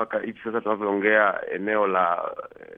mpaka hivi sasa tunavyoongea, eneo la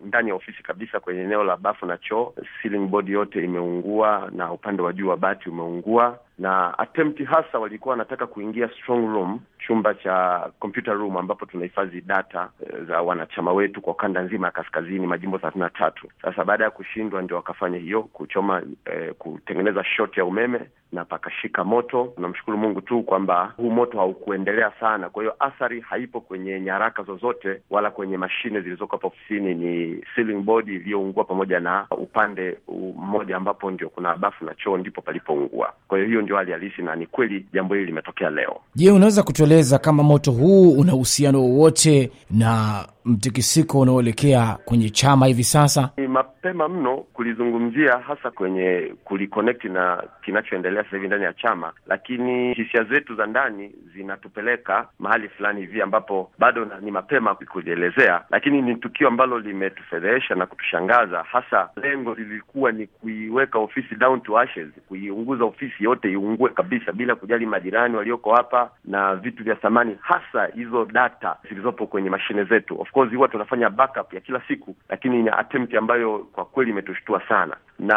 ndani ya ofisi kabisa, kwenye eneo la bafu na choo, ceiling board yote imeungua na upande wa juu wa bati umeungua na attempt hasa walikuwa wanataka kuingia strong room, chumba cha computer room ambapo tunahifadhi data eh, za wanachama wetu kwa kanda nzima ya kaskazini, majimbo thelathini na tatu. Sasa baada ya kushindwa, ndio wakafanya hiyo kuchoma, eh, kutengeneza shot ya umeme na pakashika moto. Tunamshukuru Mungu tu kwamba huu moto haukuendelea sana, kwa hiyo athari haipo kwenye nyaraka zozote wala kwenye mashine zilizoko hapa ofisini. Ni ceiling board iliyoungua pamoja na upande mmoja ambapo ndio kuna bafu na choo, ndipo palipoungua. Kwa hiyo hiyo ndio hali halisi, na ni kweli jambo hili limetokea leo. Je, unaweza kutueleza kama moto huu una uhusiano wowote na mtikisiko unaoelekea kwenye chama hivi sasa? Ni mapema mno kulizungumzia, hasa kwenye kulikonekti na kinachoendelea sasa hivi ndani ya chama, lakini hisia zetu za ndani zinatupeleka mahali fulani hivi ambapo bado na, ni mapema kulielezea, lakini ni tukio ambalo limetufedhehesha na kutushangaza. Hasa lengo lilikuwa ni kuiweka ofisi down to ashes, kuiunguza ofisi yote iungue kabisa, bila kujali majirani walioko hapa na vitu vya thamani, hasa hizo data zilizopo kwenye mashine zetu course huwa tunafanya backup ya kila siku, lakini ni attempt ambayo kwa kweli imetushtua sana, na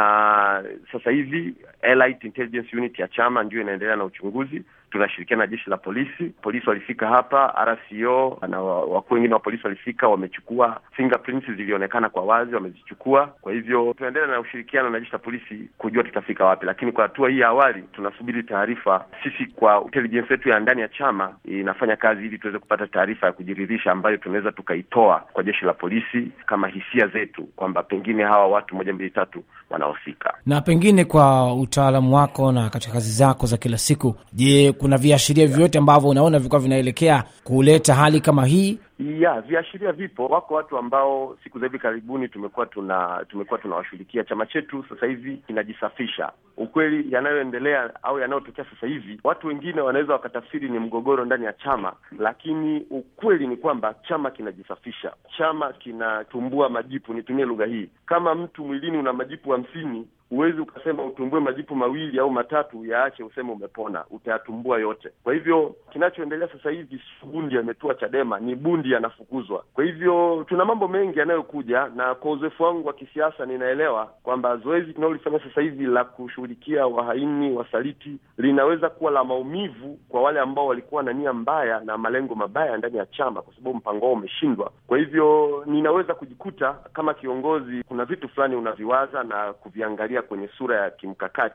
sasa hivi Allied Intelligence Unit ya chama ndio inaendelea na uchunguzi tunashirikiana na jeshi la polisi. Polisi walifika hapa, RCO na wakuu wengine wa polisi walifika, wamechukua fingerprints, zilionekana kwa wazi, wamezichukua. Kwa hivyo tunaendelea na ushirikiano na jeshi la polisi kujua tutafika wapi, lakini kwa hatua hii ya awali tunasubiri taarifa. Sisi kwa intelligence yetu ya ndani ya chama inafanya kazi ili tuweze kupata taarifa ya kujiridhisha ambayo tunaweza tukaitoa kwa jeshi la polisi kama hisia zetu kwamba pengine hawa watu moja mbili tatu wanahusika. Na pengine kwa utaalamu wako na katika kazi zako za kila siku, je, kuna viashiria vyote ambavyo unaona vilikuwa vinaelekea kuleta hali kama hii ya viashiria vipo. Wako watu ambao siku za hivi karibuni tumekuwa tuna tumekuwa tunawashughulikia. Chama chetu sasa hivi kinajisafisha. Ukweli yanayoendelea au yanayotokea sasa hivi, watu wengine wanaweza wakatafsiri ni mgogoro ndani ya chama, lakini ukweli ni kwamba chama kinajisafisha, chama kinatumbua majipu. Nitumie lugha hii, kama mtu mwilini una majipu hamsini huwezi ukasema utumbue majipu mawili au matatu uyaache useme umepona, utayatumbua yote. Kwa hivyo kinachoendelea sasa hivi bundi ametua Chadema, ni bundi makundi yanafukuzwa. Kwa hivyo tuna mambo mengi yanayokuja, na kwa uzoefu wangu wa kisiasa ninaelewa kwamba zoezi tunalolifanya sasa hivi la kushughulikia wahaini, wasaliti linaweza kuwa la maumivu kwa wale ambao walikuwa na nia mbaya na malengo mabaya ndani ya chama, kwa sababu mpango wao umeshindwa. Kwa hivyo ninaweza kujikuta kama kiongozi, kuna vitu fulani unaviwaza na kuviangalia kwenye sura ya kimkakati